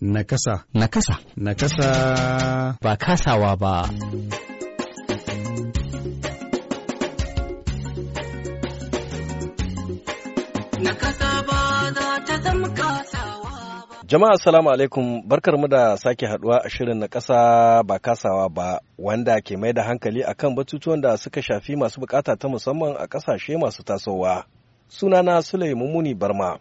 Nakasa. Nakasa. Nakasa. Ba kasawa ba. Jama'a salamu alaikum barkarmu da sake haduwa a shirin na kasa ba kasawa ba wanda ke mai da hankali a kan batutuwan da suka shafi masu bukata ta musamman a ƙasashe masu tasowa. Sunana Sulaimu Muni Barma.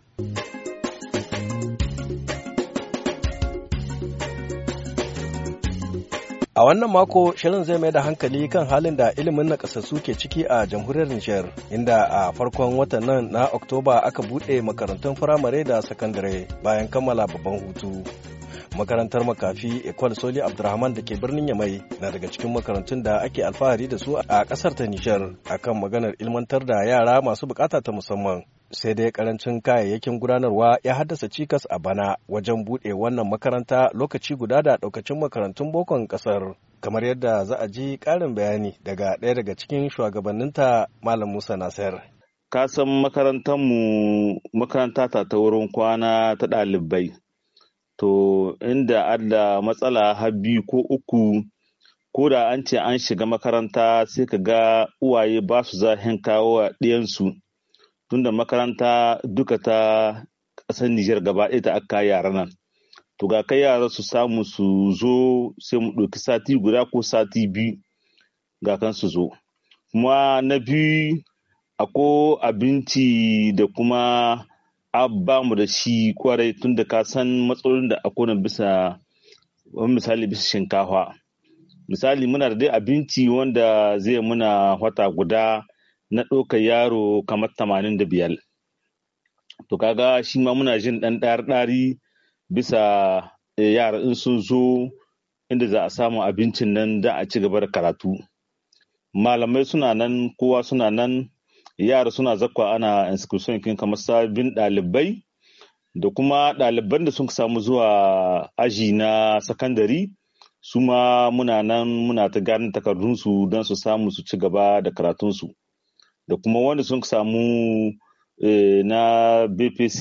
A wannan mako shirin zai mai da hankali kan halin da ilimin nakasassu ke ciki a jamhuriyar Nijar, inda a farkon watan nan na Oktoba aka buɗe makarantun firamare da sakandare bayan kammala babban hutu. Makarantar makafi Ekwal Soli Abdurahman da ke birnin Yamai na daga cikin makarantun da ake alfahari da su a ƙasar ta Nijar akan maganar ilmantar da yara masu bukata ta musamman. sai dai karancin kayayyakin gudanarwa ya haddasa cikas a bana wajen buɗe wannan makaranta lokaci guda da ɗaukacin makarantun bokon ƙasar kamar yadda za a ji ƙarin bayani daga ɗaya daga cikin shugabanninta malam musa nasir ka san makarantarmu makaranta ta ta wurin kwana ta ɗalibai to inda adda matsala har ko uku ko da an ce an shiga makaranta sai ka ga uwaye ba su zahin kawo a ɗiyansu tunda makaranta duka ta ƙasar Nijar gaba ɗaya ta aka yara nan. To ga kai yara su samu su zo sai mu ɗauki sati guda ko sati biyu ga kan su zo. Kuma na biyu ako abinci da kuma abba mu da shi kwarai tunda ka san matsalolin da ako nan bisa wani misali bisa shinkafa. Misali muna da dai abinci wanda zai muna wata guda na ɗaukar yaro kamar tamanin da biyar to kaga shi ma muna jin ɗan ɗari bisa eh, yara in sun zo inda za a samu abincin nan da a ci gaba da karatu malamai suna nan kowa suna nan yara suna zakwa ana inscription kin kamar sabbin ɗalibai da kuma ɗaliban da sun samu zuwa aji na sakandare su ma muna nan muna ta gane takardunsu don su samu su ci gaba da karatunsu da kuma wanda sun samu eh, na bpc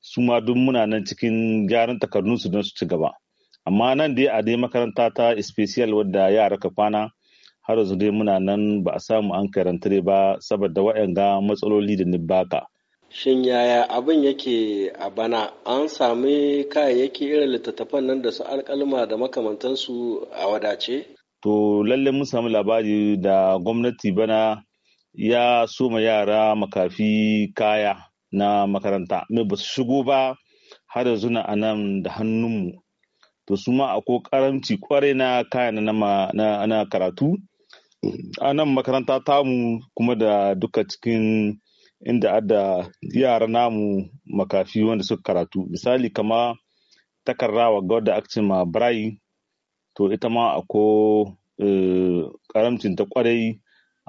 su ma duk muna nan cikin gyaran takardun su don su ci gaba amma nan dai a dai makaranta ta special wadda yara ka kwana har yanzu dai muna nan ba a samu an karanta ba saboda waɗanga matsaloli da nibaka. Shin yaya abin yake a bana an sami kayayyaki irin littattafan nan da su alkalma da makamantansu a wadace? To lallai mun samu labari da gwamnati bana ya soma yara makafi kaya na makaranta mai ba su shigo ba har da zuna a nan da hannunmu to su ma akwai karamci kwarai na kayan na karatu a nan makaranta tamu kuma da duka cikin inda ada yara namu makafi wanda suka karatu misali kama takarrawa ga wadda aka ma birayi to ita ma akwai karamcin eh, ta kwarai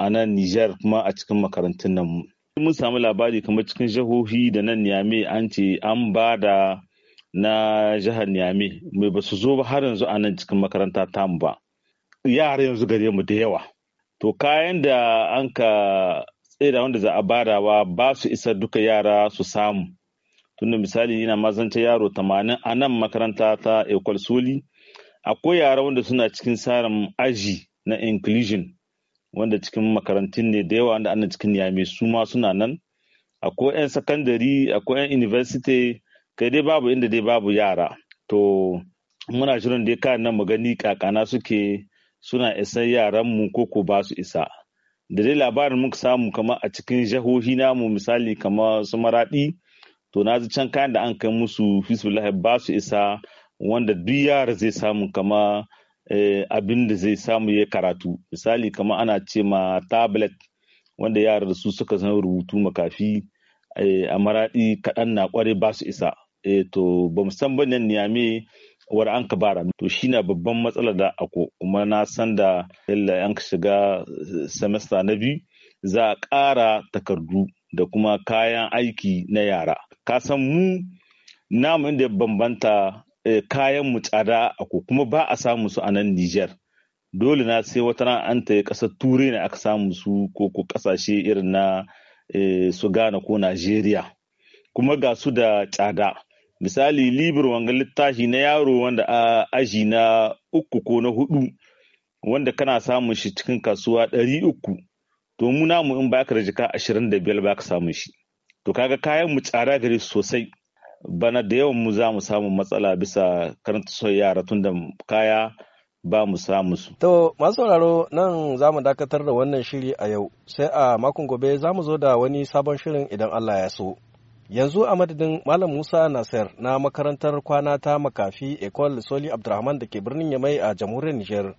a nan Nijar kuma a cikin makarantun nan. Mun samu labari kamar cikin jihohi da nan Niamey an ce an ba da na jihar Niamey mai ba su zo ba har yanzu a nan cikin makaranta tamu ba. Yara yanzu gare mu da yawa. To kayan da an ka tsira wanda za a badawa ba su isa duka yara su samu. Tunda misali yana mazance yaro tamanin a nan makaranta ta Ekwal Soli. Akwai yara wanda suna cikin tsarin aji na inclusion wanda cikin makarantun ne da yawa wanda ana cikin yami su ma suna nan akwai 'yan sakandare akwai 'yan university kai dai babu inda dai babu yara to muna shirin dai kayan nan magani kakana suke suna isan yaranmu ko ko ba su isa da dai labarin muka samu kamar a cikin jihohi namu misali kamar su maraɗi to na ji can kayan da an kai musu fisbillahi ba su isa wanda duk yara zai samu kama Eh, abin da zai samu ya karatu misali kamar ana ce ma tablet wanda yara da su suka san rubutu makafi eh, a maraɗi kaɗan na ƙware ba su isa eh, to ba mu san nan niyame war an ka bara to shi na babban matsala da ako kuma na san da yalla an ka shiga semester na biyu za a ƙara takardu da kuma kayan aiki na yara ka san mu namun inda bambanta Eh, kayan mu tsada ko kuma ba a samu su a nan Nijar. Dole na sai wata ran an ta ƙasar Turai ne aka samu su ko ko ƙasashe irin na eh, su Ghana ko Najeriya. Kuma ga su da tsada. Misali libir wanga littafi na yaro wanda a aji na uku ko na hudu wanda kana samun shi cikin kasuwa ɗari uku. To mu namu in baka da jika ashirin da biyar baka samun shi. To kaga kayan mu tsada gare su sosai. bana da yawan mu za mu samu matsala bisa karanta son yara tun da kaya ba mu samu su. To masu sauraro nan za mu dakatar da wannan shiri a yau sai a makon gobe za mu zo da wani sabon shirin idan Allah ya so. Yanzu a madadin Malam Musa Nasir na makarantar kwana ta makafi Ecole Soli Abdulrahman da ke birnin Yamai a jamhuriyar Nijar.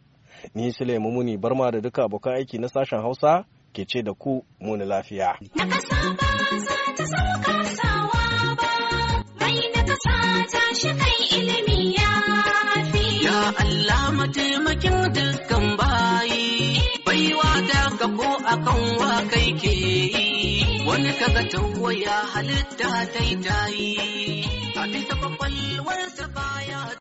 Ni Sule Mumuni Barma da duka abokan aiki na sashen Hausa ke ce da ku muni lafiya. Na ta sauka sawa. ƙasa ta shi kai ilimi ya fi. Ya Allah mataimakin dukkan bayi, baiwa da gabo a wa kai ke yi, wani kaga waya halitta ta yi, a bisa kwakwalwarsa baya.